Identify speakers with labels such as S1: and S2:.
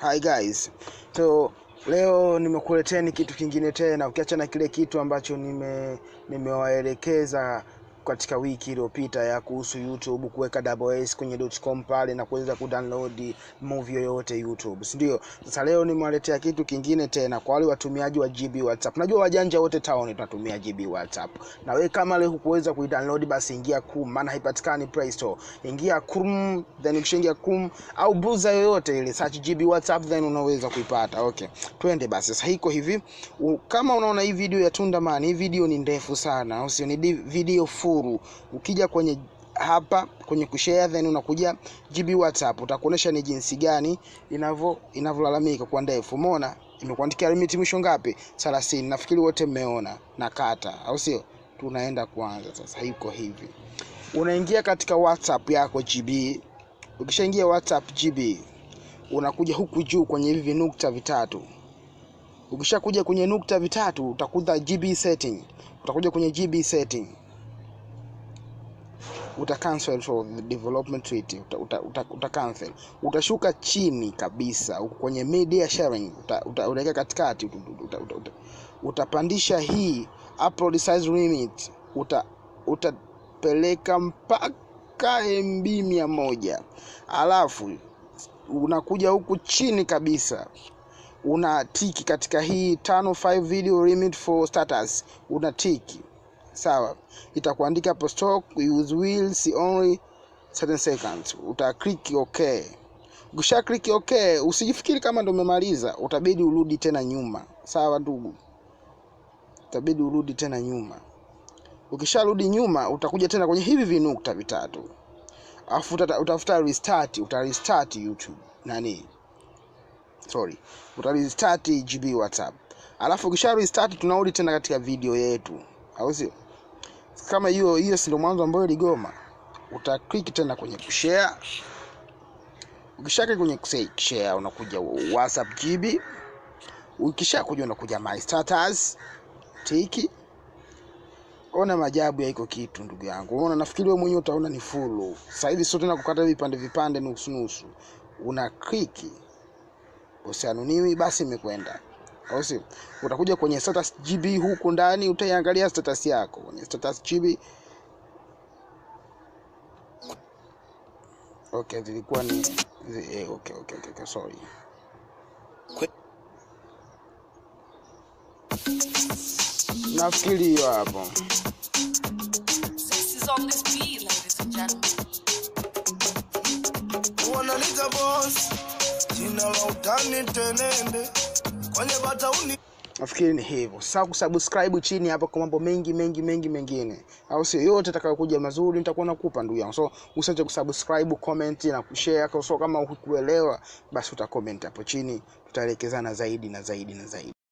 S1: Hi guys. So leo nimekuleteni kitu kingine tena ukiacha na kile kitu ambacho nime nimewaelekeza katika wiki iliyopita ya kuhusu YouTube kuweka double s kwenye .com pale na kuweza kudownload movie yoyote YouTube, si ndio? Sasa leo nimewaletea kitu kingine tena kwa wale watumiaji wa GB WhatsApp. Najua wajanja wote town tunatumia GB WhatsApp, na wewe kama leo hukuweza kuidownload, basi ingia Kum, maana haipatikani Play Store. Ingia Kum, then ukishaingia Kum au browser yoyote ile, search GB WhatsApp, then unaweza kuipata. Okay, twende basi. Sasa hiko hivi, kama unaona hii video ya Tunda Man, hii video ni ndefu sana, au Ni video full huru. Ukija kwenye hapa kwenye kushare, then unakuja GB WhatsApp, utakuonesha ni jinsi gani inavyo inavyolalamika kwa ndefu. Umeona imekuandikia limit mwisho ngapi? 30. Nafikiri wote mmeona na kata, au sio? Tunaenda kuanza sasa. Iko hivi, unaingia katika WhatsApp yako GB. Ukishaingia WhatsApp GB, unakuja huku juu kwenye hivi nukta vitatu. Ukishakuja kwenye nukta vitatu, utakuta GB setting, utakuja kwenye GB setting uta cancel the development treaty uta, uta, uta uta cancel, utashuka chini kabisa kwenye media sharing, utaweka uta, katikati uta, uta, uta, utapandisha hii upload size limit uta utapeleka mpaka MB mia moja alafu unakuja huku chini kabisa una tiki katika hii tano five video limit for status una tiki sawa, itakuandika hapo stock use will see only certain seconds, uta click okay. Ukisha click okay, usijifikiri kama ndo umemaliza, utabidi urudi tena nyuma, sawa ndugu, utabidi urudi tena nyuma. Ukisharudi nyuma, utakuja tena kwenye hivi vinukta vitatu, afu utafuta restart, uta restart YouTube nani, sorry, uta restart GB WhatsApp, alafu ukisha restart, tunarudi tena katika video yetu, au sio? kama hiyo hiyo si mwanzo ambayo iligoma, click tena kwenye kushare. Ukishaka kwenye share unakuja WhatsApp GB, ukisha kuja unakuja my status tiki. Ona majabu ya iko kitu ndugu yangu, unaona. Nafikiri wewe mwenyewe utaona ni fulu. Sasa hivi sio tena kukata vipande vipande nusu nusu, una kliki usianuniwi, basi imekwenda au sio? Utakuja kwenye status GB huku ndani utaiangalia status yako kwenye status GB. Okay, zilikuwa ni eh, okay, okay, okay, okay, sorry. Nafikiri hiyo hapo. Wananita boss, jina la utani tenende Nafikiri ni hivyo. Sasa kusubscribe chini hapa kwa mambo mengi mengi mengi mengine, au sio? Yote atakayokuja mazuri nitakuwa nakupa ndugu yangu, so usiache kusubscribe, comment na kushare. So kama hukuelewa, basi comment hapo chini, tutaelekezana zaidi na zaidi na zaidi.